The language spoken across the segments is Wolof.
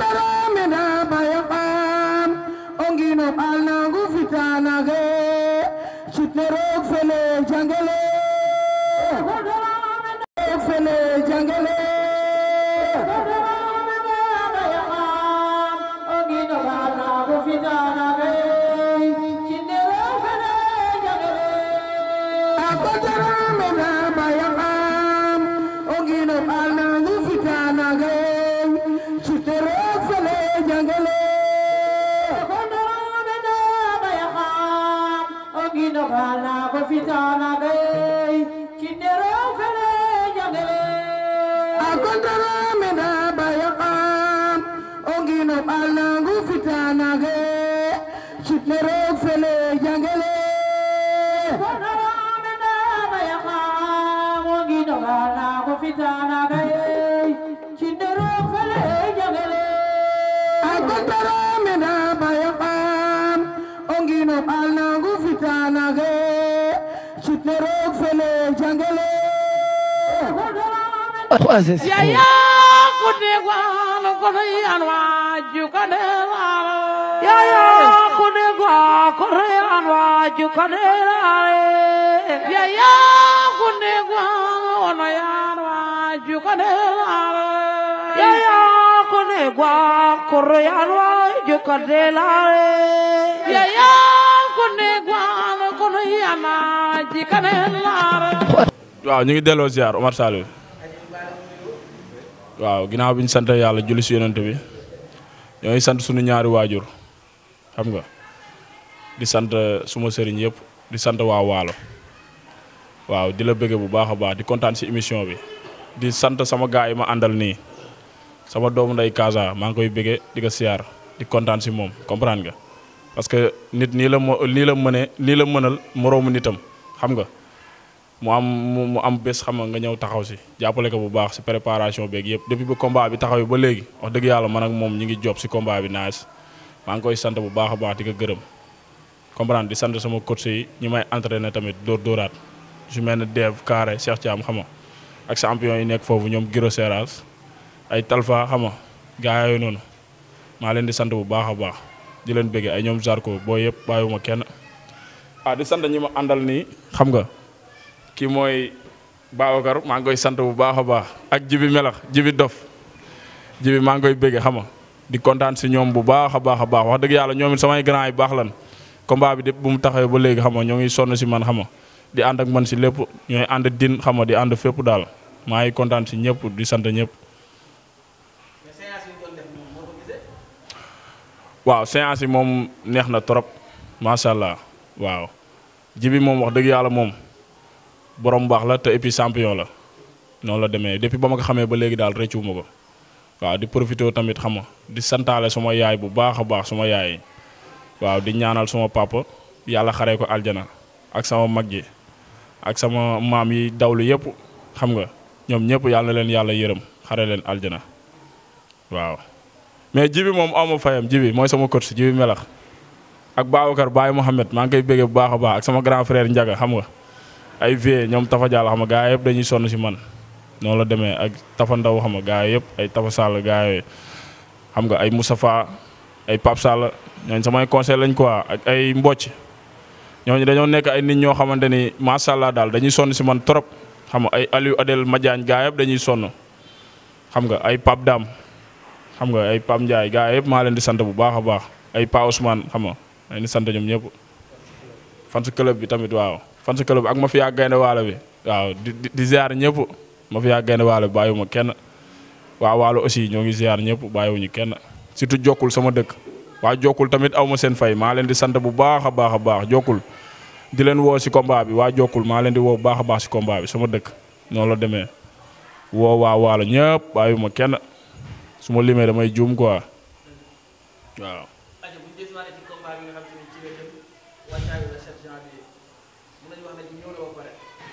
Tara. ino bana ko fitana gay kindero kare jangale akondara mena bayaqam ongino bana ko fitana gay kindero fele jangale akondara mena bayaqam ongino bana ko fitana gay kindero fele jangale akondara mena bayaqam ongino bana Aziz yaya ku negwan kono yan waju kane lare yaya ku negwan kono yan waju kane lare yaya ku negwan kono yan waju kane lare yaya ku negwan kono yan waju kane lare yaya ku negwan kono yan waju kane lare waaw ñu ngi delloo ziar Omar Sall waaw ginaaw bi ñu sant yàlla julli si yonent bi ñoo sant suñu ñaari waajur xam nga di sant suma sëriñ yëpp di sant waa waalo waaw di la bëgge bu baax a baax di kontaan si émission bi di sant sama gars yi ma àndal nii sama doomu ndey Kaasa maa ngi koy bëgge di ko siyaar di kontaan si moom comprendre nga parce que nit nii la mo nii la mënee nii la mënal moroomu nitam xam nga mu am mu am bés xam nga ñëw taxaw si jàppale ko bu baax si préparation beeg yëpp depuis ba combat bi taxaw ba léegi wax dëgg yàlla man ak moom ñu ngi job si combat bi naaj maa ngi koy sant bu baax a baax di ko gërëm comprendre di sant sama coach yi ñi may entraîné tamit door dooraat su mel ne Dev Kaare Cheikh ci am xama ak sa champion yi nekk foofu ñoom Giro Seras ay Talfa xam nga gaa yooyu noonu maa leen di sant bu baax a baax di leen bëggee ay ñoom Zarko boo yëpp bàyyiwuma kenn ah di sant ma àndal nii xam nga. ki mooy Babacar maa ngi koy sant bu baax a baax ak jibi melax jibi dof jibi maa ngi koy bëgge xam di kontaan si ñoom bu baax a baax a baax wax dëgg yàlla ñoom it samay grand yi baax lan combat bi dépp bu mu taxawee ba léegi xam nga ñoo ngi sonn si man xam nga di ànd ak man si lépp ñooy ànd din xam nga di ànd fépp daal maa ngi kontaan si ñëpp di sant ñëpp. waaw séance yi moom neex na trop macha allah waaw jibi moom wax dëgg yàlla moom. borom baax la te et puis champion la noonu la demee depuis ba ma ko xamee ba léegi daal ma ko waaw di profité tamit xam nga di santaale suma yaay bu baax a baax suma yaay waaw di ñaanal suma papa yàlla xaree ko aljana ak sama mag ji ak sama maam yi dawlu yépp xam nga ñoom ñëpp yàlla leen yàlla yërëm xare leen aljana waaw mais jibi moom awma fayam jibi mooy sama coach jibi melax ak Babacar Baye Mohamed maa ngi koy béggee bu baax a baax ak sama grand xam nga ay vie ñoom Tafa Diallo xam nga gaa yëpp dañuy sonn si man noonu la demee ak Tafa xam nga gaa yëpp ay Tafa Sall gaa ay Moustapha ay Pape Sall ñooñu samay conseil lañ quoi ak ay mbocc ñooñu dañoo nekk ay nit ñoo xamante ni macha allah daal dañuy sonn si man trop xam nga ay Aliou Adel Madiagne gaa yëpp dañuy sonn xam nga ay Pape daam xam nga ay Pape Ndiaye gaa yëpp maa leen di sant bu baax a baax ay Pa Ousmane xam nga maa leen sant ñoom ñëpp fan si club bi tamit waaw. fan si club ak Mafia Gaynde Waalo bi waaw di di ziar ñëpp Mafia Gaynde Waalo bi bàyyiwuma kenn waa Waalo aussi ñoo ngi ziar ñëpp bàyyiwuñu kenn surtout jokkul sama dëkk waa jokkul tamit aw ma seen fay maa leen di sant bu baax a baax a baax jokkul di leen woo si combat bi waa jokkul maa leen di woo bu baax a baax si kombaa bi sama dëkk noonu la demee woo waa Waalo ñëpp bàyyiwuma kenn su ma limee damay juum quoi waaw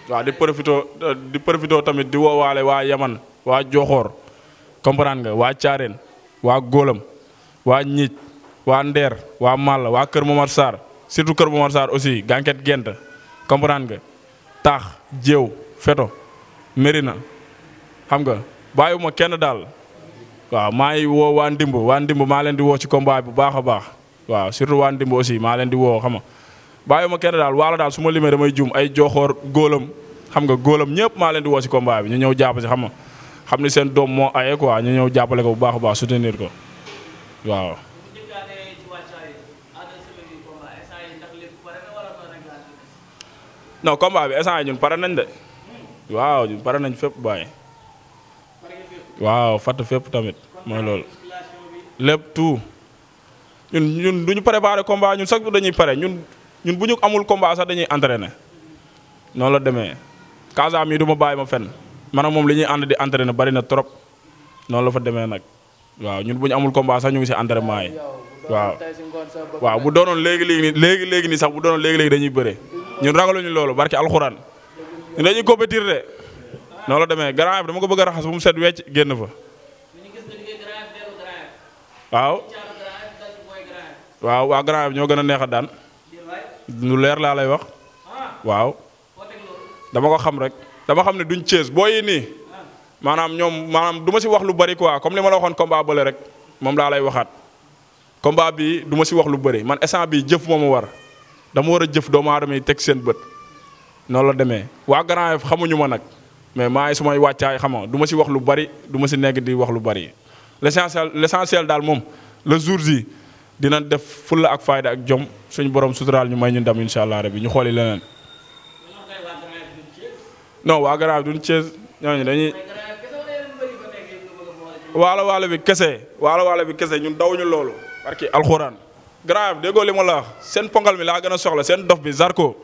waaw di profito di profito tamit di woowaale waa Yaman waa Joxoor comprendre nga waa Caareen waa Góolam waa Ñiij waa Ndeer waa Màll waa Kër Momar Sarr surtout Kër Momar Sarr aussi gànket gent comprendre nga taax jéew feto Mérina xam nga bàyyiwuma kenn daal waa maa ngi woo waa ndimb waa ndimb maa leen di woo ci combat bu baax a baax waaw surtout waa ndimb aussi maa leen di woo xam bàyyi ma kenn daal waalo daal su ma limee damay juum ay joxoor góolam xam nga góolam ñëpp maa leen di woo si combat bi ñu ñëw jàpp si xam nga xam ni seen doom moo aye quoi ñu jàppale ko bu baax a baax soutenir ko waaw. non combat bi ñun pare nañ de. waaw ñun pare nañ fépp bàyyi. waaw fatt fépp tamit mooy loolu. lépp tout ñun ñun du ñu préparé combat ñun chaque jour dañuy pare ñun. ñun bu ñu amul combat sax dañuy entraîner noonu la demee Casa mii du ma bàyyi ma fenn maanaam moom li ñuy ànd di entraîner bari na trop noonu la fa demee nag waaw ñun bu ñu amul combat sax ñu ngi si entraînement yi waaw. waaw bu doonoon léegi léegi léegi léegi nii sax bu doonoon léegi léegi dañuy bëre ñun ragaluñu loolu barki alxuraan ñun dañuy compétir de noonu la demee grand dama ko bëgg raxas bu mu set wecc génn fa. waaw waaw waa grand ñoo gën a neex a daan. lu leer laa lay wax waaw dama ko xam rek dama xam ne duñ Cees boo yi nii maanaam ñoom maanaam du ma si wax lu bëri quoi comme li ma la waxoon combat bële rek moom laa lay waxaat combat bi duma ma si wax lu bëri man instant bi jëf moo ma war dama war a jëf doomu aadama yi teg seen bët noonu la demee waa Grand Yoff xamuñu ma nag mais maa su may wàccaay xam nga du si wax lu bari duma ma si nekk di wax lu bari bëri l'essentiel l'essentiel daal moom le jour ji dina def fulla ak fayda ak jom suñu borom suturaal ñu may ñu ndam incha allah rabi ñu xooli leneen. non waa Garaaf duñ Cees waalo waalo bi kese waalo waalo bi kese ñun dawuñu loolu. parce que alxuraan. Garaaf déggoo li ma la seen ponkal mi laa gën a soxla seen dof bi Zarko.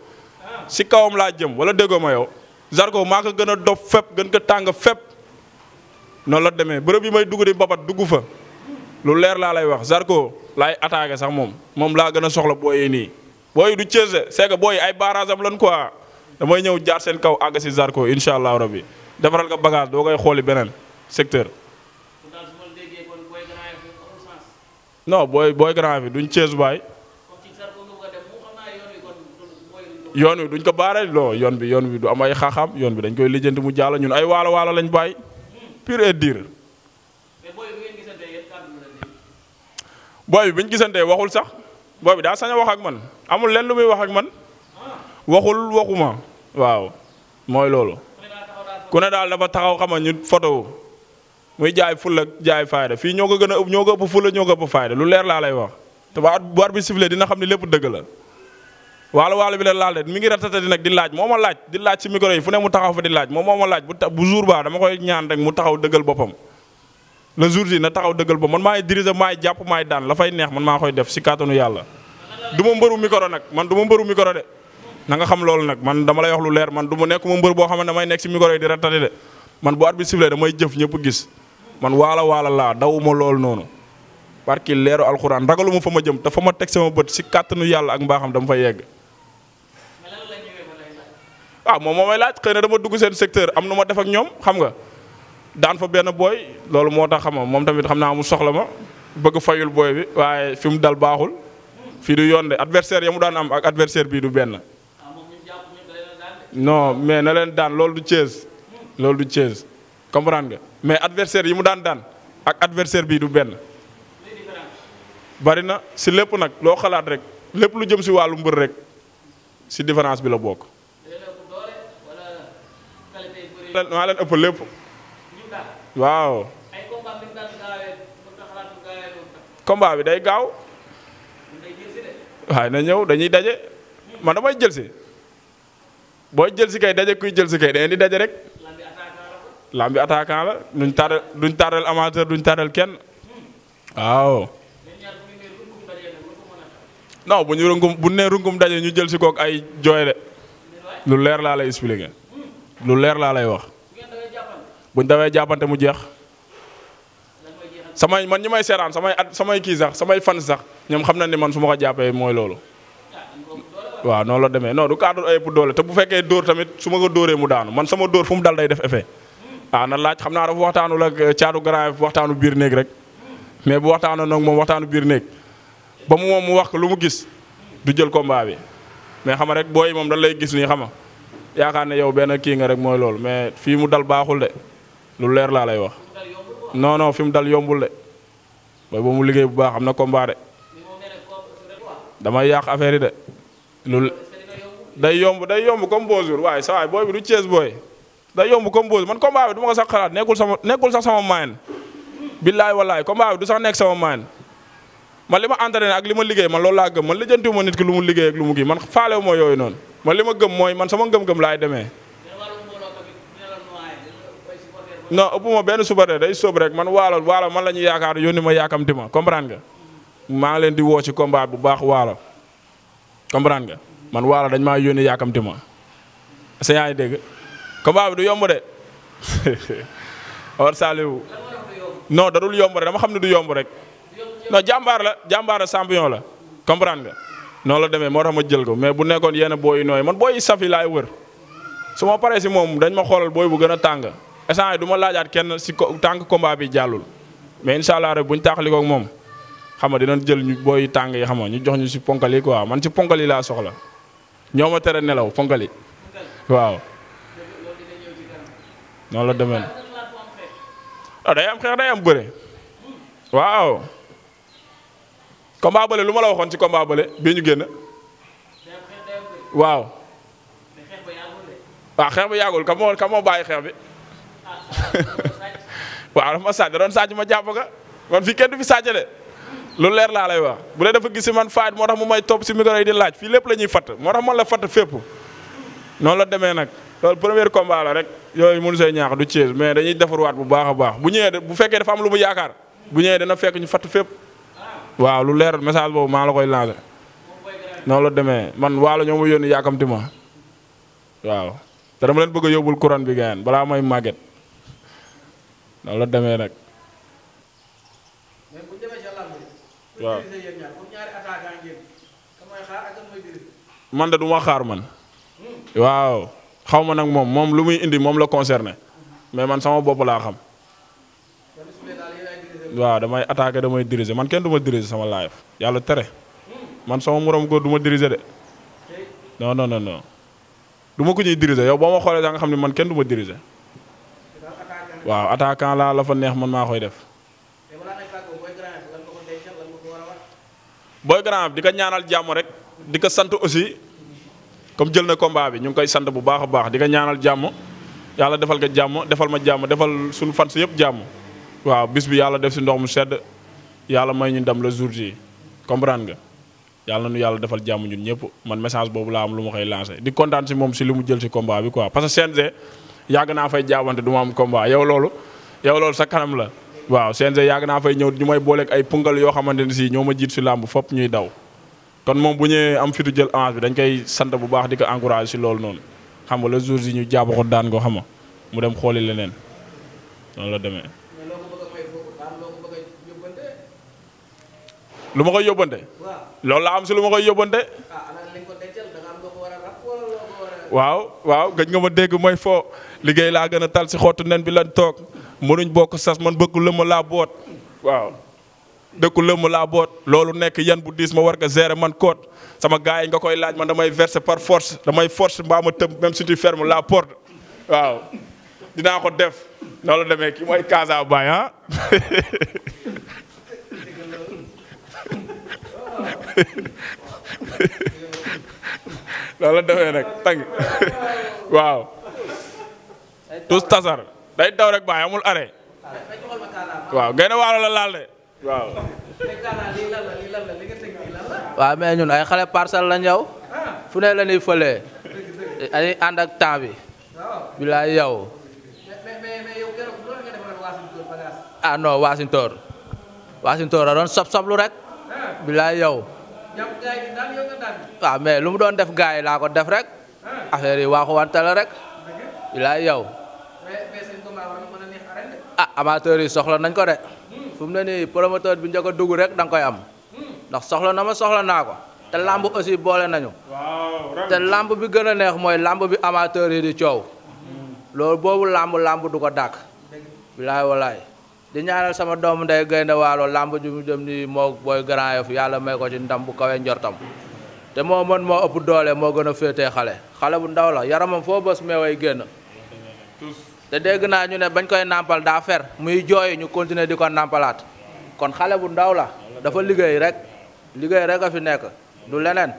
si kawam laa jëm wala déggoo ma yow. Zarko maa ko gën a dof fépp gën ko tàng fépp. noonu la demee bërëb yi may dugg di mbapat dugg fa. lu leer laa lay wax Zarko laay attaqué sax moom moom laa gën a soxla booy nii booy du Thiès c'est booy ay barrage am lan quoi damay ñëw jaar seen kaw àgg si Zarko incha allah rabbi defaral ko bagage doo koy xooli beneen secteur. non booy booy grand bi duñ Thiès baay. yoon wi duñ ko baaree loo yoon bi yoon bi du am ay xaaxaam yoon bi dañ koy lijjanti mu jàll ñun ay waalo waalo lañ bàyyi pire et dire. booy bi biñ gisantee waxul sax booy bi daa sañ a wax ak man amul lenn lu muy wax ak man waxul waxuma waaw mooy loolu. ku ne daal dafa taxaw xama ñu photo muy jaay ful ak jaay fayda fii ñoo ko gën a ñoo ko ëpp ful ñoo ko ëpp fayda lu leer laa lay wax te bu war bi sifle dina xam ne lépp dëgg la. waalo waalo bi la laal de mi ngi ratatati nag di laaj moo ma laaj di laaj ci micro yi fu ne mu taxaw fa di laaj moom moo ma laaj bu ta bu jour ba dama koy ñaan rek mu taxaw dëggal boppam. le jour ji na taxaw dëggal ba man maay diriger maay jàpp maay daan la fay neex man maa koy def si kàttanu yàlla. du ma mbëru micro nag man du ma mbëru micro de na nga xam loolu nag man dama lay wax lu leer man du ma nekk ma mbër boo xam ne damay nekk si micro yi di ratati de man bu jëf ñëpp gis man waala waala laa dawuma loolu noonu. barki leeru alxuraan ragalu ma fa ma jëm te fa ma teg sama bët si kàttanu yàlla ak mbaaxam dama fa yegg. waaw ah, moom moo may laaj xëy na dama dugg seen secteur am na ma def ak ñoom xam nga. daan fa benn booy loolu moo tax xam moom tamit xam naa mu soxla ma bëgg fayul booy bi waaye fi mu dal baaxul fii du yoon de adversaire ya mu daan am ak adversaire bii du benn. non mais na leen daan loolu du Thiès loolu du Thiès comprendre nga mais adversaire yi mu daan daan ak adversaire bii du benn. bari na si lépp nag loo xalaat rek lépp lu jëm si wàllu mbër rek si différence bi la bokk. maa leen ëpp lépp. waaw. ay combat bi day gaaw. waaye na ñëw dañuy daje. man damay jël si. boo jël si kay daje kuy jël si kay da ngeen di daje rek. lambi attaquant la duñ taaral duñ taaral amateur duñ taaral kenn. waaw. non bu ñu rungum bu nee rungum daje ñu jël si kook ay jooy de. lu leer laa lay expliqué. lu leer laa lay wax. buñ dawee jàppante mu jeex samay man ñi may seeraan samay at samay kii sax samay fan sax ñoom xam na ni man su ma ko jàppee mooy loolu waaw noonu la demee noonu du ay pour doole te bu fekkee dóor tamit su ma ko dóoree mu daanu man sama dóor fu mu dal day def effet ah na laaj xam naa dafa waxtaanu la euh, caatu grand waxtaanu biir néeg rek mais bu waxtaanoo nag moom waxtaanu biir néeg ba mu moom mu wax ko lu mu gis du jël combat bi mais xam rek booy moom dañ lay gis nii xama yaakaar ne yow benn kii nga rek mooy loolu mais fii mu dal baaxul lu leer laa lay wax non fi mu dal yombul de booy ba mu liggéey bu baax xam na combat de damay yàq affaire yi de lu day yomb day yomb comme Bozour waaye sa booy bi du Thiès booy day yomb comme Bozour man combat bi du ma ko sax xalaat nekkul sama nekkul sax sama moyen billaay wallaay combat bi du sax nekk sama moyen man li ma entraîné ak li ma liggéey man loolu laa gëm man lijjantiwu ma nit ki lu mu liggéey ak lu mu kii man faalewu yooyu noonu man li ma gëm mooy man sama ngëm-ngëm demee non ëpp ma benn supporter day sóob rek man waalo waalo man la ñu yaakaar yónni ma yaakamti ma comprendre nga. maa leen di woo ci combat bu baax waalo comprendre nga man waalo dañ ma yónni yaakamti ma. sa yaa ngi dégg combat bi du yomb de or Saliou non da yomb rek dama xam ne du yomb rek non jàmbaar la jàmbaar la champion la comprendre ga noonu la demee moo tax ma jël ko mais bu nekkoon yenn booy nooy man booy yu saf yi laay wër su ma paree si moom dañ ma xoolal booy bu gën a tàng. instant yi du ma laajaat kenn si tànk combat bi jàllul mais incha allah rek bu ñu taaxalikoo ak moom xam nga dinañ jël ñu booy tàng yi xam ñu jox ñu si ponkal yi quoi man si ponkal laa soxla ñoo ma tere nelaw ponkal yi waaw. noonu la demee ah day xeex day am bëre waaw. combat lu ma la waxoon ci combat bële bii ñu génn waaw. waaw xeex ba yàggul kam moo kam bàyyi xeex bi. waaw ma sàcc da doon ma jàpp ka man fii lu leer laa lay wax bu dee dafa gis man faat moo mu may topp yi di laaj fii lépp la ñuy fatt moo tax fatt fépp noonu la demee nag loolu premier combat rek yooyu mënu say ñaax du Thiès mais dañuy defarwaat bu baax a baax bu bu fekkee dafa lu mu yaakaar bu ñëwee dana fekk ñu fatt fépp waaw lu leer message boobu maa la koy lancé noonu la demee man waalo ñoo ma yónni yàkkamti ma waaw te dama leen bëgg a yóbbul couronne bi gayan balaa may màgget noonu la demee nag. waaw. man de du ma xaar man. Hmm. waaw xaw ma nag moom moom lu muy indi moom la concerné mais man sama bopp laa xam. waaw damay attaqué damay diriger man kenn du ma diriger sama live yàlla tere hmm. man sama moroom góor du ma diriger de non non non non du ma ko ñuy diriger yow boo ma xoolee da nga xam ne man kenn du ma diriger. waaw attaquant laa la fa neex man maa koy def. booy grand di ko ñaanal jàmm rek di ko sant aussi comme jël na combat bi ñu ngi koy sant bu baax a baax di ko ñaanal jàmm yàlla defal ko jàmm defal ma jàmm defal suñu fan fans yëpp jàmm waaw bis bi yàlla def si ndox mu sedd yàlla may ñu ndam la jour ji comprendre nga yàlla nu yàlla defal jàmm ñun ñëpp man message boobu laa am lu ma koy lancé di kontaan si moom si li mu jël si combat bi quoi parce que yàgg naa fay jaabante du ma am combat yow loolu yaw loolu sa kanam la waaw CNG yàgg naa fay ñëw ñu may booleek ay pungal yoo xamante ne si ñoo ma jiit si làmb fopp ñuy daw kon moom bu ñëwee am fitu jël avance bi dañ koy sant bu baax di ko encouragé si loolu noonu xam nga le jour yi ñu jàpp ko daan ko xam mu dem xooli leneen noonu la demee. lu ma koy yóbbante. loolu la am si lu ma koy yóbbante. Ah, waaw waaw gëj nga ma dégg mooy foo liggéey laa gën a tal si xottu nen bi lan toog mënuñ bokk sas man bëggu lëmm laa boot waaw dëkku lëmm laa boot loolu nekk yan bu diis ma war nga gérer man koot sama gars yi nga koy laaj man damay verser par force damay force mbaa ma tëb même si tu laa la porte waaw dinaa ko def loolu demee ki mooy Casa Baye ah. loolu la defee nag tàng waaw. tous tasar day daw rek baay amul are waaw gën a waalo la laal de waaw. waaw mais ñun ay xale parcelle la ñëw fu ne la ñuy fëlee dañuy ànd ak temps bi. bilaay yow. ah non Wassintor Wassintor a doon sob soblu rek. bilaay yow. waaw mais lu mu doon def gars yi laa ko def rek ah. affaire yi waaxu wante la rek bilaay yow a ah, amateur yi soxla nañ ko de hmm. fu ne nii promoteur bi njëkk a dugg rek danga koy am hmm. ndax soxla na ma soxla naa ko te ah. làmb aussi boole nañu te làmb bi gën a neex mooy làmb bi amateur yi di coow hmm. loolu boobu làmb làmb du ko dàkk bilaay walaay di ñaanal sama doomu ndey gaynde waalo làmb ju mu jëm ni moo booy Grand Yoff yàlla may ko ci ndam bu kawee njortam te moo mën moo ëpp doole moo gën a féetee xale xale bu ndaw la yaramam foo bës meeway génn te dégg naa ñu ne bañ koy nàmpal daa fer muy jooy ñu continuer di ko nàmpalaat kon xale bu ndaw la dafa liggéey rek liggéey rek a fi nekk du leneen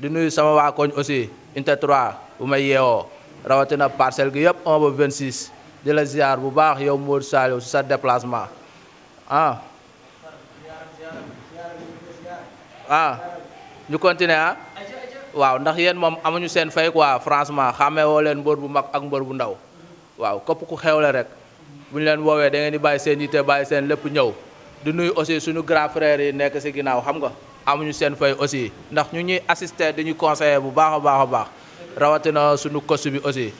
di nuyu sama waa koñ aussi inte 3 bu may yeewoo rawatina parcelle gi yëpp 1 ba 26 di la ziar bu baax yow Modou Saliou si sa déplasement ah ah ñu continuer ah waaw ndax yéen moom amuñu seen fay quoi francement xàmmee leen mbër bu mag ak mbër bu ndaw waaw képp ku xew xewle rek bu ñu leen woowee da ngeen di bàyyi seen yitte bàyyi seen lépp ñëw di nuyu aussi suñu grand frère yi nekk si ginnaaw xam nga amuñu seen fay aussi ndax ñu ñuy assister di ñu conseiller bu baax a baax a baax rawatina suñu coach bi aussi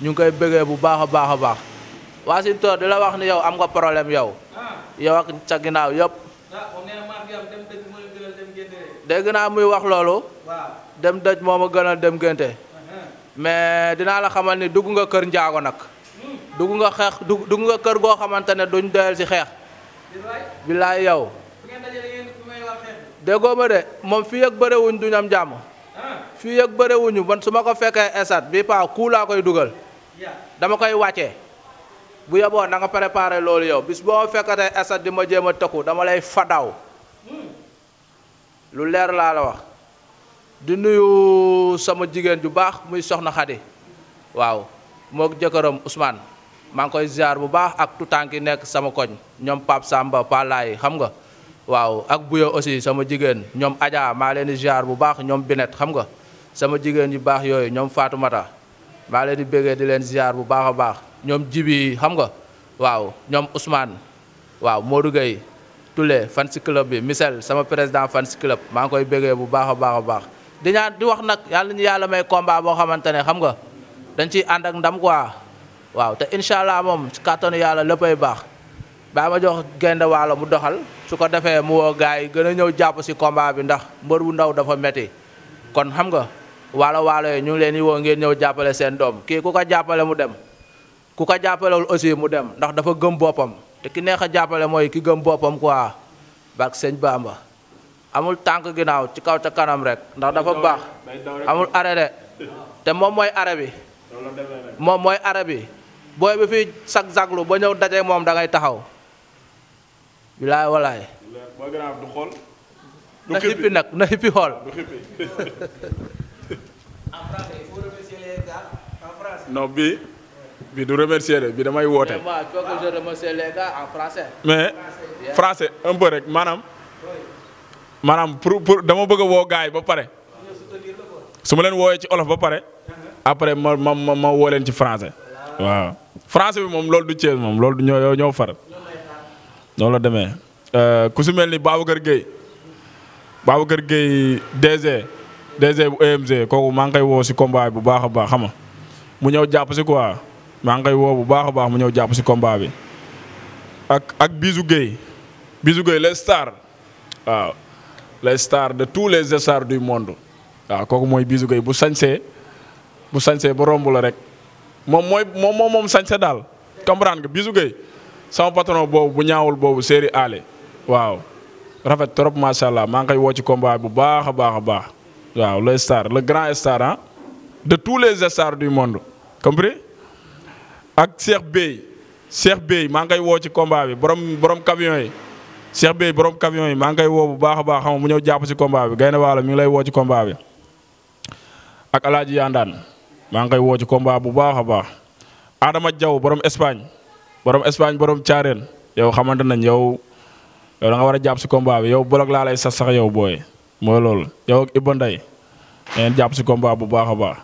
ñu ngi koy bëggee bu baax a baax a baax Washington di la wax ni yow am nga problème yow ah. yow ak sa ginnaaw yëpp ah, dégg naa muy wax loolu dem dëj moo ma gënal dem gënte mais dinaa la xamal ni dugg nga kër njaago nag hmm. dugg nga xeex dugg nga kër goo xamante ne duñ doyal ci xeex billaay yow déggoo ma de moom fii ak bëréwuñ duñ am jàmm ah. fii ak bëréwuñu man su ma ko fekkee esat bi paa kuu laa koy dugal dama koy wàcce bu yeboo na nga préparé loolu yow bis boo ma fekkatee esat di ma jéem a tëkku dama lay fadaw lu leer laa la wax di nuyu sama jigéen ju baax muy soxna Xadi waaw mook jëkkëram Ousmane maa ngi koy ziar bu baax ak tutànk yi nekk sama koñ ñoom Pape Samba Palaay xam nga waaw ak Buya aussi sama jigéen ñoom Adja maa leen di ziar bu baax ñoom Binet xam nga sama jigéen yu baax yooyu ñoom Fatoumata maa leen di bëggee di leen ziar bu baax a baax ñoom jibi xam nga waaw ñoom Ousmane waaw Modou Gueye Toulé fan si club bi Michel sama président fan si club maa ngi koy béggee bu baax a baax a baax di ñaan di wax nag yàlla yàlla may combat boo xamante ne xam nga dañ ciy ànd ak ndam quoi waaw te incha allah moom si kàttanu yàlla léppay baax baa ma jox gaynde waalo mu doxal su ko defee mu woo gars yi gën a ñëw jàpp si combat bi ndax mbër bu ndaw dafa metti kon xam nga waalo waalo yi ñu ngi leen di woo ngeen ñëw jàppale seen doom kii ku ko jàppale mu dem ku ko jàppalewul aussi mu dem ndax dafa gëm boppam te ki neex a jàppale mooy ki gëm boppam quoi barke sëñ Bamba amul tànk ginnaaw ci kaw ca kanam rek ndax dafa baax amul arrêt te moom mooy arrêt bi moom mooy arrêt bi booy bi fii sag zaglu ba ñëw daje moom dangay taxaw bilaay walaay na xippi nag na xippi xool non bi bii du remercier de bi damay woote. mais français un peu rek maanaam maanaam pour pour dama bëgg a woo gars yi ba pare su ma leen woowee ci olof ba pare après ma ma ma ma woo leen ci français waaw france bi moom loolu du Thiès moom loolu du ñoo ñoo far loolu la demee euh, ku su mel ni Babacar Gueye Babacar Gueye DG. DG bu e EMG kooku maa ngi koy woo si combat bu baax a baax xam nga mu ñëw jàpp si quoi maa ngi koy woo bu baax a baax mu ñëw jàpp si combat bi ak ak Bisou Gueye Bisou Gueye les waaw les stars de tous les stars du monde waaw kooku mooy Bisou Gueye bu sañsee bu sañsee ba romb la rek moom mooy moom moom moom sañse daal comprendre nga Bisou Gueye sama patron boobu bu ñaawul boobu séeri aale waaw rafet trop macha maa ngi koy woo ci combat bu baax a baax a baax. waaw le star le grand star ah de tous les stars du monde compris ak Cheikh Bey Cheikh Bey maa ngay woo ci combat bi borom borom camion yi Cheikh Bey borom camion yi maa ngay woo bu baax a baax xam mu ñëw jàpp si combat bi Gaynde Waalo mi ngi lay woo ci combat bi ak Alaaji Yandaan maa ngay woo ci combat bu baax a baax Adama Diaw borom Espagne borom Espagne borom caareen yow xamante nañ yow yow nga war a jàpp si combat bi yow bolog laa sax sax yow booy mooy loolu yow ak Ibou Ndeye ngeen jàpp si combat bu baax a baax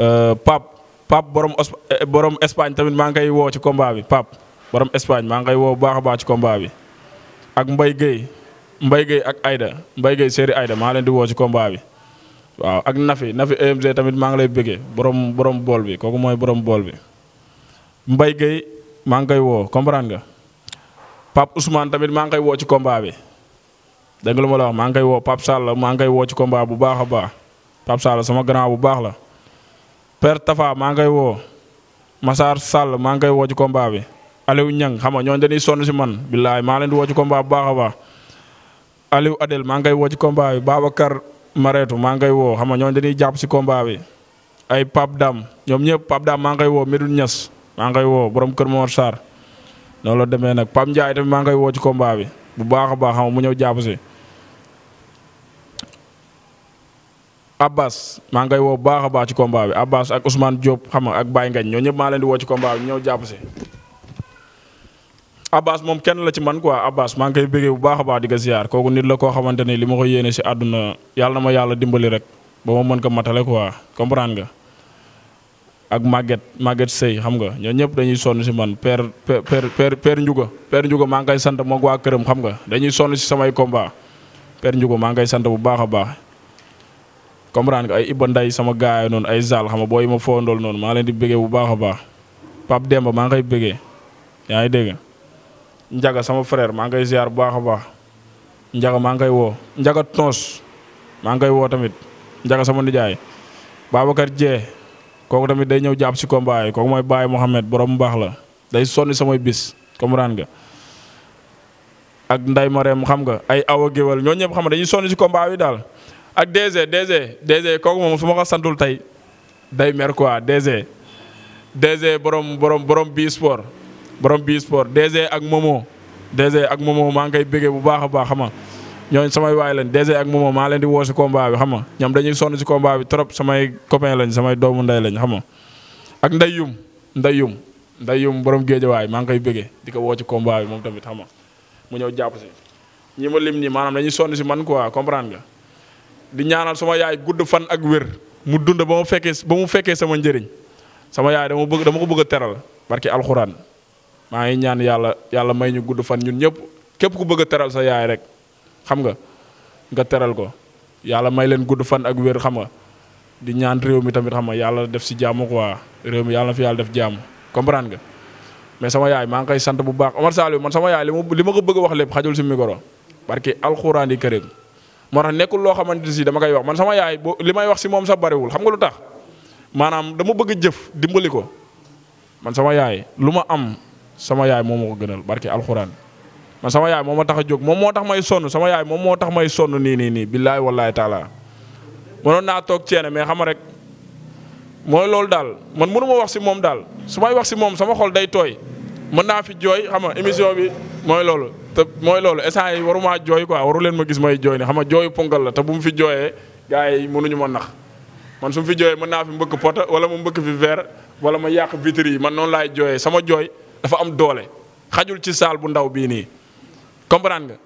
euh, Pape Pape borom eh, borom Espagne tamit maa ngi koy woo ci combat bi Pape borom Espagne maa ngi koy baax a baax ci combat bi ak Mbaye Gueye Mbaye ak Aïda Mbaye Gueye séeri Aïda di woo ci combat bi waaw ak Nafi Nafi EMG tamit maa ngi lay bëggee borom borom bool bi kooku mooy borom bool bi mbay Gueye maa ngi koy woo comprendre nga Pape Ousmane tamit maa ngi koy woo ci combat bi. dégg lu ma la maa ngi koy woo Pape Sall maa ngi koy woo ci combat bu baax a baax Pape Sall sama grand bu baax la Père Tafa maa ngi koy woo Massar Sall maa koy woo ci combat bi Aliou Niang xam nga ñooñu dañuy sonn si man billaay maa leen woo ci combat bu baax a baax Aliou Adel maa ngi koy woo ci combat bi Babacar Mareetu maa ngi koy woo xam nga ñooñu dañuy jàpp si combat bi ay Pape Dam ñoom ñëpp Pape Dam maa ngi koy woo Medoune Niass maa ngi koy borom Kër Mor Sarr loolu demee nag Pape Ndiaye maa ngi koy woo ci combat bi bu baax a baax mu ñëw jàpp si. Abbas maa ngay woo baax a baax ci combat bi Abbas ak Ousmane Diop xam nga ak Baye Ngañ ñoo ñëpp maa leen di woo ci combat bi ñëw jàpp si. moom kenn la ci man quoi Abbas maa ngi koy bu baax a baax di ko ziar kooku nit la koo xamante ni li ma ko yéene si àdduna yàlla ma yàlla dimbali rek ba ma mën ko matale quoi comprendre nga. ak Maguette Maguette sëy xam nga ñoo ñëpp dañuy sonn si man père père père père Ndiouga père Ndiouga maa ngi koy sant moog waa këram xam nga dañuy sonn si samay combat père Ndiouga maa ngi koy sant bu baax a baax. comprendre nga ay Iba Nday sama gaay noonu ay Zal xam nga booy ma foondool noonu maa leen di bëggee bu baax a baax Pape Demba maa ngi koy bëggee yaa ngi dégg Njaga sama frère maa ngi koy ziar bu baax a baax Njaga maa ngi koy woo Njaga Tons maa ngi koy woo tamit Njaga sama nijaay Babacar Dieng kooku tamit day ñëw jàpp si combat yi kooku mooy Baye Mohamed borom baax la day sonni samay bis comprendre ga ak Nday Marème xam nga ay Awa Géwal ñoo ñëpp xam nga dañuy sonni si combat bi daal. ak DG DG DG kooku moom su ma ko santul tey day mer quoi DG DG borom borom borom bii sport borom bii sport DG ak Momo DG ak Momo maa ngi koy béggee bu baax a baax xam nga ñooñu samay waay lañ DG ak Momo maa leen di woo si combat bi xam nga ñoom dañuy sonn si combat bi trop samay copain lañ samay doomu ndey lañ xam nga ak ndeyum ndeyum yum borom géejawaay maa ngi koy béggee di ko woo ci combat bi moom tamit xam nga mu ñëw jàpp si ñi ma lim nii maanaam dañuy sonn si man quoi comprendre nga. di ñaanal sama yaay gudd fan ak wér mu dund ba mu fekkee ba mu fekkee sama njëriñ sama yaay dama bëgg dama ko bëgg a teral barki alxuraan maa ngi ñaan yàlla yàlla may ñu gudd fan ñun ñëpp képp ku bëgg teral sa yaay rek xam nga nga teral ko yàlla may leen gudd fan ak wér xam nga di ñaan réew mi tamit xam nga yàlla def si jàmm quoi réew mi yàlla na fi yàlla def jàmm comprendre nga. mais sama yaay maa ngi koy sant bu baax Omar Saliou man sama yaay li ma li ko bëgg wax lépp xajul si micro barki alxuraan yi këréem moo tax nekkul loo xamante ne si dama koy wax man sama yaay boo li may wax si moom sax bariwul xam nga lu tax maanaam dama bëgg a jëf dimbali ko man sama yaay lu ma am sama yaay moo ma ko gënal barki alxuraan man sama yaay moo ma tax a jóg moom moo tax may sonn sama yaay moom moo tax may sonn nii nii nii billaay wallaay taala mënoon naa toog ceene mais xam rek mooy loolu daal man mënuma wax si moom daal su may wax si moom sama xol day tooy mën naa fi jooy xam nga émission bi mooy loolu. te mooy loolu instant yi waruma jooy quoi waru leen ma gis may jooy ne xam nga jooyu ponkal la te bu mu fi jooyee gars yi mënuñu ma nax man su fi jooyee mën naa fi mbëkk pota wala mu mbëkk fi verre wala ma yàq vitre yi man noonu laay jooyee sama jooy dafa am doole xajul ci saal bu ndaw bii nii comprendre nga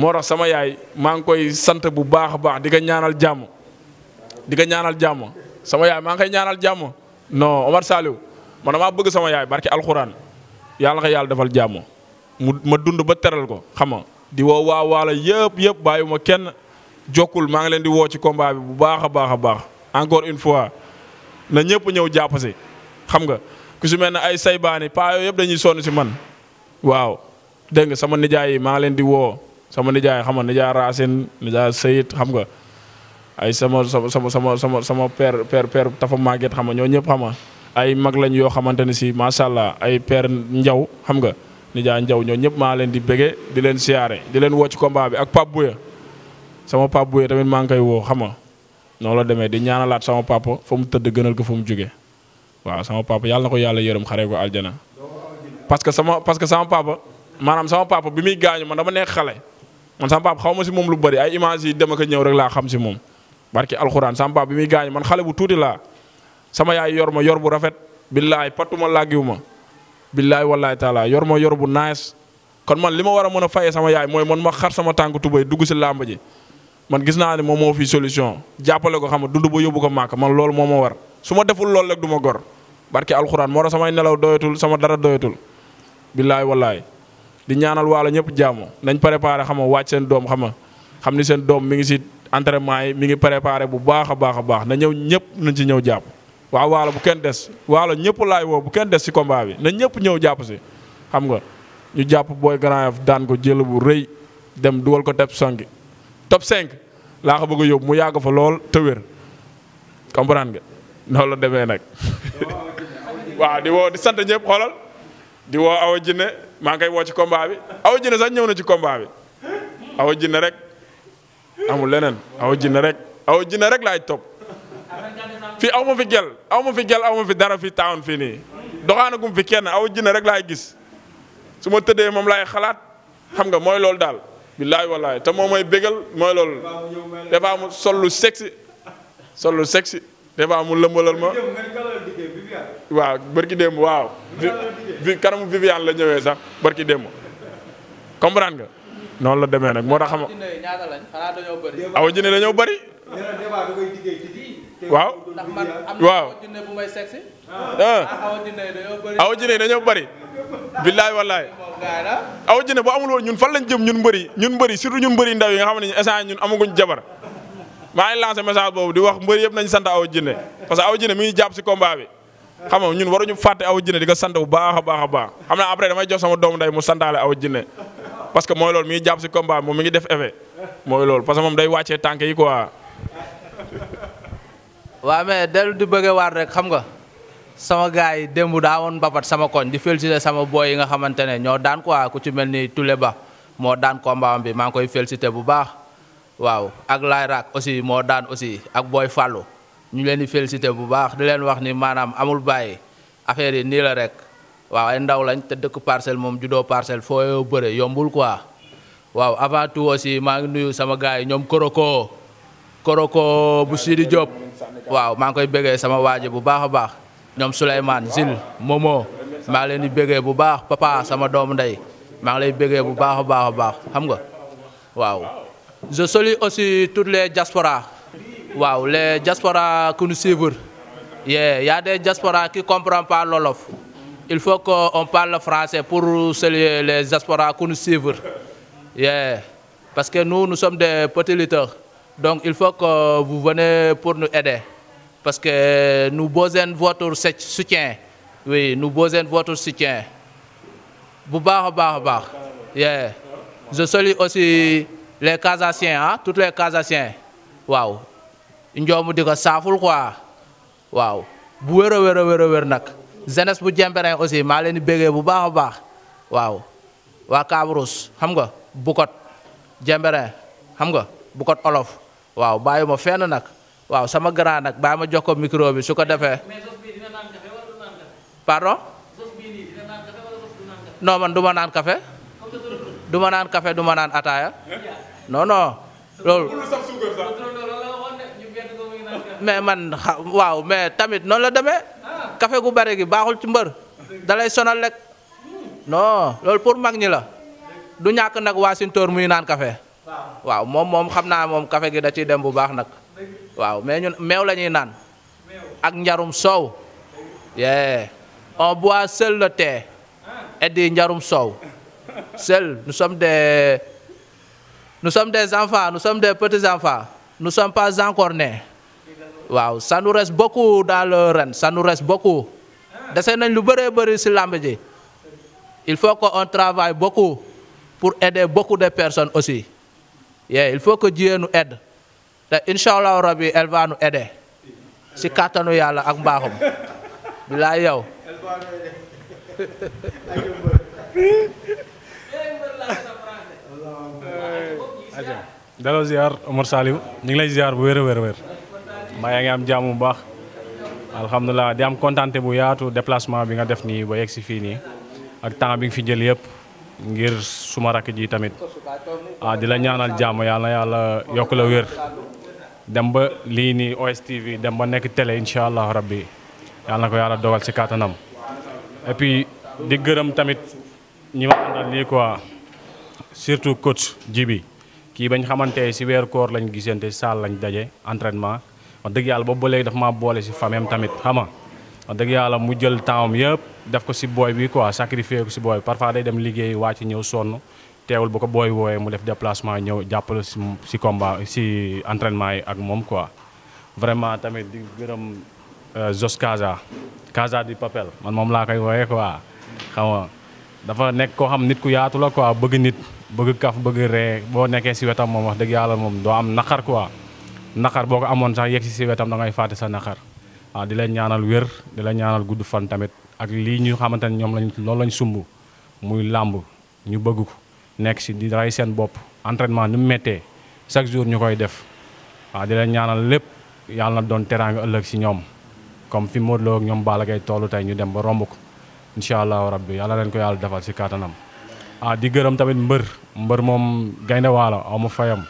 moo tax sama yaay maa ngi koy sant bu baax a baax di ko ñaanal jàmm di ko ñaanal jàmm sama yaay maa ngi koy ñaanal jàmm non Omar ma na damaa bëgg sama yaay barki alxuraan yàlla yàlla defal jàmm mu ma dund ba teral ko xam nga di woo waa waala yëpp yëpp bàyyiwuma kenn jokkul maa ngi leen di woo ci combat bi bu baax a baax a baax encore une fois na ñëpp ñëw jàpp si xam nga ku si mel ne ay saybaani paa yooyu yëpp dañuy sonn si man waaw dégg nga sama nijaay yi maa ngi leen di woo sama nijaay xam nga nijaay Racine nijaay Seyit xam nga ay sama sama sama sama sama sama per père père Tafa Maguette xam nga ñoo ñëpp xam ay mag lañ yoo xamante ne si macha allah ay per Ndiaw xam nga. nijaay Njaw ñoo ñëpp maa leen di bége di leen siyaare di leen woo ci combat bi ak Pape Bouya sama Pape Bouya tamit maa ngi koy woo xam nga noonu la demee di ñaanalaat sama papa fa mu tëdd gënal ko fa mu jóge waaw sama papa yàlla na ko yàlla yërëm xaree ko aljana parce que sama parce que sama papa maanaam sama papa bi muy gaañu man dama nekk xale man sama papa xaw ma si moom lu bëri ay images yi dem ak ñëw rek laa xam si moom barki alxuraan sama papa bi muy gaañu man xale bu tuuti laa sama yaay yor ma yor bu rafet ma billaay wallaay taala yor ma yor bu nice kon man li ma war a mën a fayee sama yaay mooy man ma xar sama tànk tubay dugg si làmba ji man gis naa ne moom moo fi solution jàppale ko xam nga dund ba yóbbu ko màkk man lool moo ma war su ma deful lool rek du ma gor barki alxuraan moo tax samay nelaw doyatul sama dara doyatul billaay wallaay di ñaanal waalo ñëpp jàmm nañ préparé xam nga wàcc seen doom xam nga xam ni seen doom mi ngi si entrements yi mi ngi préparé bu baax a baax a baax na ñëw ñëpp nañ ci ñëw jàpp waaw waalo bu kenn des waalo ñëpp laay woo bu kenn des ci combat bi na ñëpp ñëw jàpp si xam nga ñu jàpp booy Grand Yoff daan ko jël bu rëy dem duwal ko top 5 top cinq laa ko bëgg a yóbbu mu yàgg fa lool te wér comprendre nga la demee nag waaw di woo di sant ñëpp xoolal di woo Awa Jinne maa ngay woo ci combat bi Awa Jinne sax ñëw na ci combat bi Awa Jinne rek amul leneen Awa Jinne rek Awa Jinne rek laay topp fii aw ma fi gel aw ma fi gel aw ma fi dara fi taawon fii nii doxaanagum fi kenn aw jinne rek laay gis su ma tëddee moom lay xalaat xam nga mooy loolu daal billaay wallaay te moom mooy bégal mooy loolu des mu sol lu sexy sol lu sexy des mu lëmbalal ma waaw barki démb waaw kanamu Viviane la ñëwee sax barki démb comprendre nga noonu la demee nag moo tax xam nga awa waaw waaw ah. aw jinne yi dañoo bëri billaay wallaay aw jinne bu amul woon ñun fal lañ jëm ñun mbëri ñun mbëri surtout ñun mbëri ndaw yi nga xam ne instant ñun amaguñ jabar maa ngi lancé message boobu di wax mbëri yëpp nañ sant aw jinne parce que aw jinne mi ngi jàpp si combat bi xam nga ñun waruñu fàtte aw jinne di ko sant bu baax a baax a baax xam naa après damay jox sama doomu nday mu santaale aw jinne parce que mooy loolu mi ngi jàpp si combat moom mi ngi def effet mooy loolu parce que moom day wàccee tànk yi quoi waaw mais dellu di bëgge waat rek xam nga sama gars yi démb daa woon mbapat sama koñ di félicité sama boy yi nga xamante ne ñoo daan quoi ku ci mel ni Toulé Ba moo daan combat bi maa ngi koy félicité bu baax waaw ak Laay Raak aussi moo daan aussi ak Boy Fallou ñu leen di félicité bu baax di leen wax ni maanaam amul bàyyi affaire yi nii la rek waaw ay ndaw lañ te dëkk parcelle moom juddoo parcelle foo yoo bëre yombul quoi waaw avant tout aussi maa ngi nuyu sama gars yi ñoom Koroko Koroko bu waaw maa ngi koy bëggee sama waaji bu baax a baax ñoom Souleymane Zil Momo maa ngi leen di bëggee bu baax papa sama doomu ndey maa ngi lay bëggee bu baax a baax a baax xam nga waaw. je salue aussi toutes les diasporas waaw les diasporas qui nous suivent yeah y a des diasporas comprend pas l'olof il faut qu'on parle français pour saluer les diasporas qui nous suivent yeah parce que nous nous sommes des petits Donc il faut que vous venez pour nous aider. Parce que nous besoin de votre soutien. Oui, nous besoin de votre soutien. Yeah. Je salue aussi les Casasiens, hein? Ah, tous les Casasiens. Waouh. Nous dit que ça quoi. Waouh. Bouero, wéro, wéro, wéro, nak. Jeunesse bu Jemberin aussi, maa leen di bégee bu baax a baax. waaw waa Kabrousse xam nga Bukot Jemberin xam nga Bukot Olof waaw bàyyi ma fenn nag waaw sama grand nag bàyyi ma jox ko micro bi su ko defee. pardon. non man du ma naan kafe. duma naan kafe du ma naan ataaya. non non. loolu mais man waaw mais tamit noonu la demee. kafe ah. gu bare gi baaxul ci mbër. dalay sonal rek. Hmm. non loolu pour mag ñi la. du ñàkk nag waa Sintoor muy naan kafe. waaw moom moom xam naa moom café gi da ciy dem bu baax nag waaw mais ñun meew la ñuy naan ak njarum soow yee on boit seul le thé et di njarum soow seul nous nu som nous sommes des enfants nous sommes des petits enfants nous sommes pas encore nés waaw ça nous reste beaucoup dans ren ça nous reste beaucoup dese nañ lu bëree bëri ci làmb ji il faut que qu'on travaille beaucoup pour aider bokku de personnes aussi yeah, il faut que Dieu nous te incha allahu rabi elle va si kàttanu yàlla ak mbaaxum bilaay yow. dalo ziar Omar Saliou ñu ngi lay ziar bu wér a wér a wér mbaa ngi am jàmm bu baax alhamdulilah di am kontaante bu yaatu déplacement bi nga def nii ba yegg si fii nii ak temps bi nga fi jël yëpp. ngir suma rakk ji tamit ah, di la ñaanal jàmm yàlla yàlla yokk la wér dem ba lii nii OSTV dem ba nekk télé incha allah rabbi yàlla ko yàlla dogal ci kàttanam et puis di gërëm tamit ñi ma àndal nii quoi surtout coach Jibi kii bañ xamante si weeru koor lañ gisante saal lañ daje entraînement wax dëgg yàlla boobu ba léegi dafa ma boole si famem tamit xama wax dëgg yàlla mu jël temps yëpp def ko si booy bi quoi sacrifier ko si booy bi parfois day dem liggéey waa ci ñëw sonn teewul bu ko booy wooyee mu def déplacement ñëw jàppale si si combat si entraînement yi ak moom quoi vraiment tamit di gërëm Jos euh, Casa Casa di papel man moom laa koy wooyee quoi xam nga dafa nekk koo xam nit ku yaatu la quoi bëgg nit bëgg kaf bëgg ree boo nekkee si wetam moom wax dëgg yàlla moom doo am naqar quoi naqar boo ko amoon sax yegg si si wetam da ngay fàtte sa naqar waaw ah, di la ñaanal wér di la ñaanal gudd fan tamit ak lii ñu xamante ne ñoom lañ loolu lañ sumb muy làmb ñu bëgg ko nekk si di ray seen bopp entraînement ni mu méttee chaque jour ñu koy def waaw ah, di la ñaanal lépp yàlla na doon teraanga ëllëg si ñoom comme fi Modou Lo ñoom Balla Gaye toolu tey ñu dem ba romb ko incha allahu rabbi yàlla leen ko yàlla defal si kattanam. ah di gërëm tamit mbër mbër moom gaynde waala aw ma fayam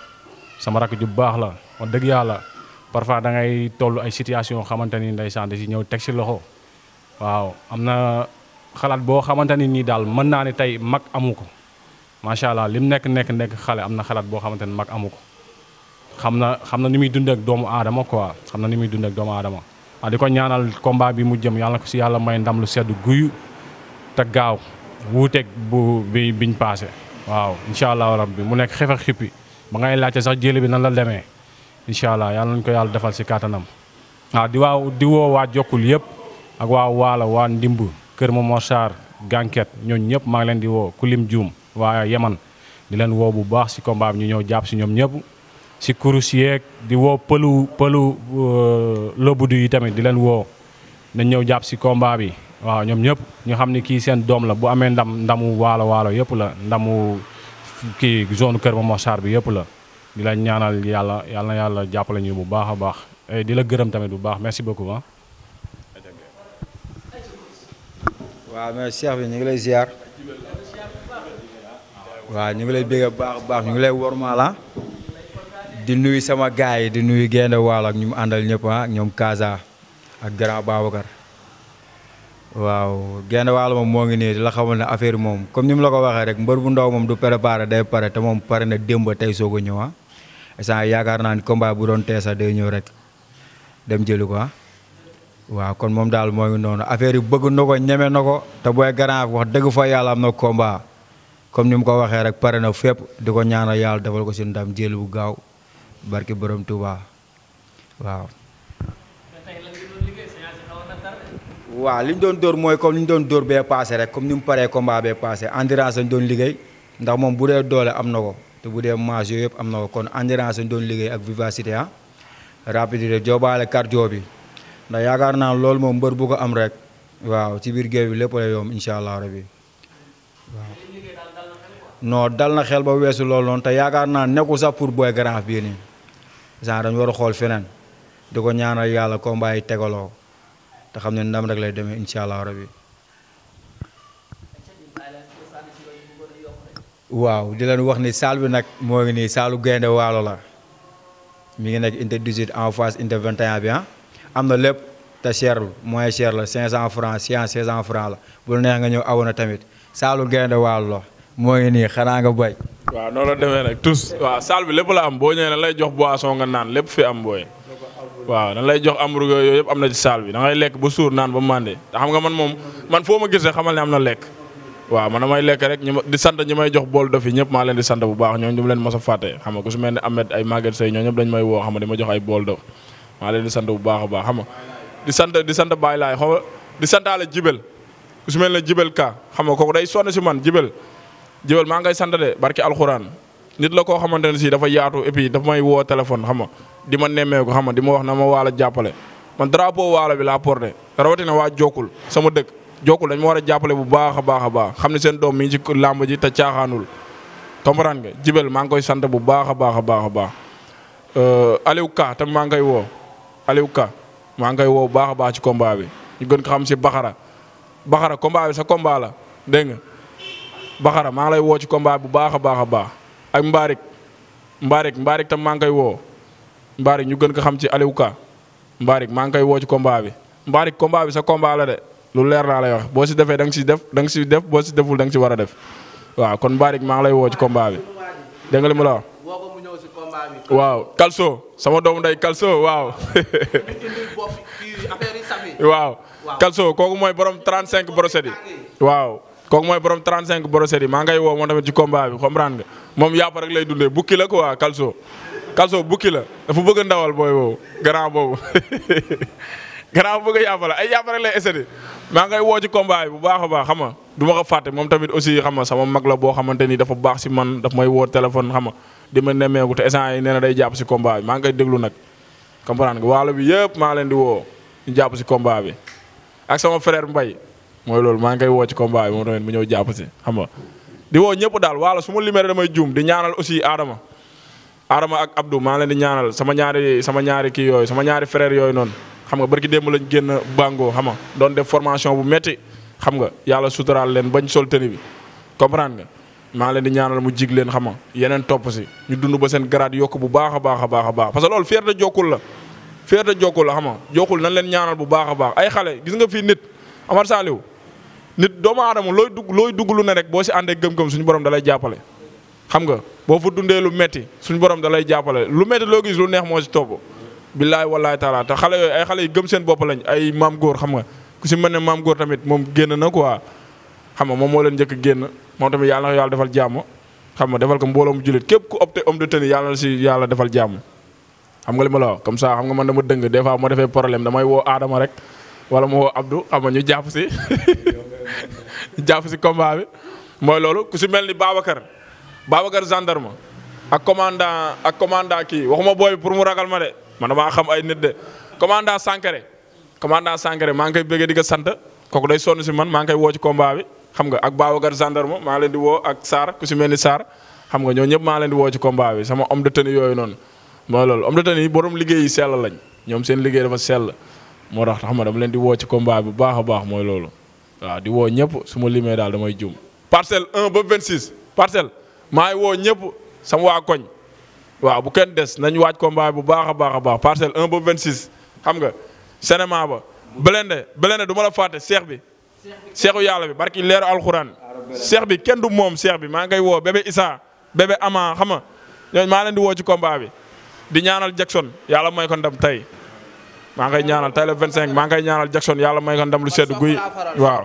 sama rakk ju baax la wax dëgg yàlla. parfois dangay ngay toll ay situation xamante ni ndeysaan da si ñëw teg si loxo waaw am na xalaat boo xamante ni nii daal mën naa ne tey mag amu ko macha allah lim nekk nekk nekk xale am na xalaat boo xamante ni mag amu ko xam na xam na ni muy dund ak doomu aadama quoi xam na ni muy dund ak doomu aadama ah ko ñaanal kombaa bi mu jëm yàlla ko si yàlla may ndam lu sedd guyu te gaaw wuuteeg bu bi biñ paase. waaw incha allah rabbi mu nekk xef ak xippi ba ngay laajte sax jëli bi nan la demee. incha allah yàlla nañu ko yàlla defal si kàttanam waaw di waaw di woo waa jokkul yëpp ak waa waalo waa ndimb kër Momar Sarr gànket ñooñ ñëpp maa ngi leen di woo kulim juum waa yeman di leen woo bu baax si combat bi ñu ñëw jàpp si ñoom ñëpp si kurus yeek di woo pëlu pëlu euh, lobudu yi tamit di leen woo nañ ñëw jàpp si combat bi waaw ñoom ñëpp ñu xam ne kii seen doom la bu amee ndam ndamu waalo waalo yëpp la ndamu kii zone kër Momar Sarr bi yëpp la di la ñaanal yàlla yàlla yàlla jàppale ñu bu baax a baax eh, di la gërëm tamit bu baax merci beaucoup ah. waaw mais bi ñu ngi lay ziar waaw ñu ngi lay bégg baax baax ñu ngi lay wormaala di nuyu sama gars yi di nuyu Gaynde Waalo ak ñu mu àndal ñëpp ah ak ñoom Kaza ak grand Babacar waaw Gaynde Waalo moom moo ngi nii di la xamal ne affaire moom comme ni mu la ko waxee rek mbër bu ndaw moom du préparé day pare te moom pare na démb tey soo ko ñëw instant yaakaar naa ni combat bu doon teesa sax day ñëw rek dem jëli quoi ah. waaw kon moom daal mooy noonu affaire yi bëgg na ko ñeme na ko te booy Grand wax dëgg fa yàlla am na comme ni mu ko waxee rek pare na fépp di ko ñaanal yàlla defal ko si ndam jël bu gaaw barki borom Touba waaw. waaw li ñu doon dóor mooy comme li ñu doon dóor bee paase rek comme ni mu paree combat bee paase endurance lañ doon liggéey ndax moom bu dee doole am na ko. te bu dee masse yooyu yëpp am na ko kon endurance ñu doon liggéey ak vivacité ah rapidité joobaale cardio bi ndax yaakaar naa lool moom mbër bu ko am rek waaw ci biir géew bi lépp la yomb incha allah rabi waaw. dal na xel ba weesu loolu noonu te yaakaar naa nekkul sax pour Boy Grand bii nii genre dañu war a xool feneen di ko ñaanal yàlla combat yi tegaloo te xam ne ndam rek lay demee incha allah rabi. waaw di leen wax ni saal bi nag moo ngi nii saalu gaynde waalo la mi ngi nekk unité 18 en face unité bi ah am na lépp te cher la moins cher la 500 francs 600 500 francs la bu la neex nga ñëw awoon na tamit saalu gaynde waalo la moo ngi nii xanaa nga bay. waaw noonu la demee nag tous waaw saal bi lépp la am boo ñëwee dañ lay jox boisson nga naan lépp fi am booy. waaw dañ lay jox hamburger yooyu yëpp am na ci saal bi da ngay lekk ba suur naan ba mànde te xam nga man moom man foo ma gisee xamal ne am na lekk. waaw man damay lekk rek ñu ma di sant ñi may jox bool dof yi ñëpp maa leen di sant bu baax ñooñu du ma leen mos a fàtte xam ne Ahmed ay Maguette Seye ñoo ñëpp jox ay bool dof maa leen di sant bu baax a baax xam di sant di sant Baye Laay xaw di santaale jibel ku su mel ne jibel ka xam nga kooku day sonn si man jibel jibel maa ngay santa de barki alxuraan nit la koo xamante ne si dafa yaatu et dafa may woo téléphone xam nga di ma nemmeeku xam nga di ma wax na ma waalo jàppale man drapeau waala bi laa porté rawatina waa Jokul sama dëkk jokkul dañ ma war a jàppale bu baax a baax a baax xam ne seen doom mi ngi ci làmb ji te caaxaanul comprendre nga jibel maa ngi koy sant bu baax a baax a baax a baax euh, Aliou Ka maa ngi koy woo Aliou maa ngi koy woo bu baax a baax ci combat bi ñu gën ko xam si Baxara Baxara combat bi sa la dégg nga Baxara maa ngi lay woo ci combat bu baax a baax a baax ak Mbaarik Mbaarik Mbaarik tam maa ngi koy woo Mbaarik ñu gën ko xam ci Aliou Ka Mbaarik maa ngi koy woo ci combat bi Mbaarik combat bi sa combat de. lu leer naa lay wax boo si defee dang nga def da nga si def boo si deful da nga si a def waaw kon Barik maa ngi lay woo ci combat bi dégg ma la wax. waaw Kalso sama doomu nday Kalso waaw. waaw Kalso kooku mooy borom 35 brochettes yi. waaw kooku mooy borom 35 brochettes yi maa ngay woo moo tamit ci combat bi comprendre moom yàpp rek lay dundee bukki la quoi Kalso. Kalso bukki la dafa bëgg ndawal booy boobu grand boobu grand bëgg yàpp la ay yàpp maa ngay woo ci combat bu baax a baax xam nga du ma ko fàtte moom tamit aussi xam nga sama mag la boo xamante ni dafa baax si man daf may woo téléphone xam di ma nemmeeku te instant yi nee na day jàpp si combat bi maa ngay déglu nag comprendre waalo bi yëpp maa leen di woo ñu jàpp si combat bi ak sama frère mbay mooy loolu maa ngi koy woo ci combat bi moom tamit mu ñëw jàpp si xam nga di woo ñëpp daal waalo suma ma liméré damay juum di ñaanal aussi Adama Adama ak Abdou maa leen di ñaanal sama ñaari sama ñaari yooyu sama ñaari frère yooyu noonu xam nga barki démb lañu génn Bango xam nga doon de formation bu métti xam nga yàlla suturaal leen bañ sol tenue bi comprendre nga maa leen di ñaanal mu jig leen xam nga yeneen topp si ñu dund ba seen grade yokk bu baax a baax a baax a baax parce que loolu fierté jokkul la fierté jokkul la xam nga jokkul nañ leen ñaanal bu baax a baax ay xale gis nga fii nit Amar Saliou nit doomu aadama looy dugg looy dugg lu ne rek boo si àndee gëm-gëm suñu borom dalay jàppale xam nga boo fa dundee lu metti suñu borom dalay jàppale lu metti loo gis lu neex moo si topp billaay wallaay taala te xale yooyu ay xale yu gëm seen bopp lañ ay maam góor xam nga ku si mel ne maam góor tamit moom génn na quoi xam nga moom moo leen njëkk génn moom tamit yàlla yàlla defal jàmm xam nga defal ko mbooloo mu jullit képp ku opté homme de yàlla defal jàmm xam nga li ma la wax comme ça xam nga man dama dëng des fois ma defee problème damay woo Adama rek wala ma woo Abdou xam nga ñu jàpp si jàpp si combat bi mooy loolu ku si mel ni Babacar Babacar gendarme ak commandant ak commandant kii waxuma booy pour mu ragal ma de man damaa xam ay nit de commandant Sankare commandant Sankare maa ngi koy bëggee di ko sant kooku day sonn si man maa ngi koy woo ci combat bi xam nga ak Babacar gendarme maa leen di woo ak Sarr ku si mel ni Sarr xam nga ñoo ñëpp maa leen di woo ci combat bi sama homme de tenue yooyu noonu mooy loolu homme de tenue yi borom liggéey yi sell lañ ñoom seen liggéey dafa sell moo tax xam nga dama leen di woo ci combat bu baax a baax mooy loolu waaw di woo ñëpp su ma limee daal damay juum parcelle 1 ba 26 parcelle maa ngi woo ñëpp sama waa koñ waaw bu kenn des nañu waaj combat bu baax a baax a baax parcelle 1 ba 26 xam nga cinéma ba. Blende Blende du ma la fàtte seex bi. seexu yàlla bi barki leeru alxuraan. seex bi kenn du moom seex bi maa ngay woo bébé Issa bébé Ama xam nga maa leen di woo ci combat bi di ñaanal Jackson yàlla mooy ko ndam tey. maa nga koy ñaanal tey la 25 maa ngi koy ñaanal Jackson yàlla may ko ndam lu sedd guy. waaw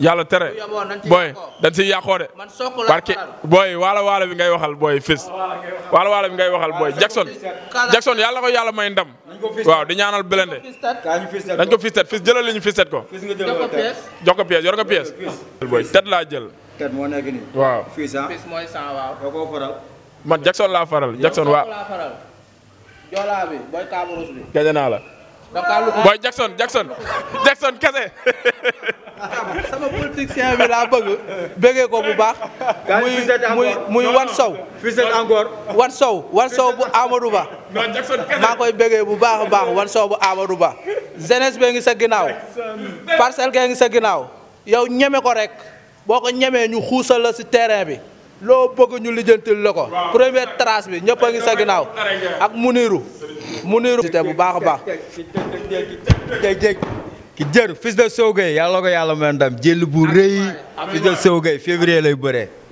yàlla tere. booy dañ siy yàqoo de. barke waalo waalo bi ngay waxal booy fis. waala waala bi ngay waxal booy Jackson. Jackson yàlla ko yàlla may ndam. waaw di ñaanal Blindé. dañ ko fistet fis jëlal li ñu fistet ko. jox ko pièce yor nga pièce. booy tet laa jël. tet moo nekk nii. waaw fis ah. mooy man Jackson laa faral Jackson waaw. Joolaa bi la. booy Jackson Jackson Jackson kese. sama politicien bi laa bëgg bëggee ko bu baax. muy muy wan sow. fii encore. wan sow wan sow bu Amadou Ba. maa koy bëggee bu baax a baax wan sow bu Amadou Ba. jeunesse bee ngi sa ginnaaw. parcelle bee ngi sa ginnaaw. yow ñeme ko rek boo ko ñemee ñu xuusal la si terrain bi. loo bëgg ñu lijjantil la ko première trace bi ñëpp a ngi sa ginnaaw ak Muniru Muniru cité bu baax a baax ki jër fils de Sogay yàlla ko yàlla mën ndam jël bu rëy fils de Sogay lay bëree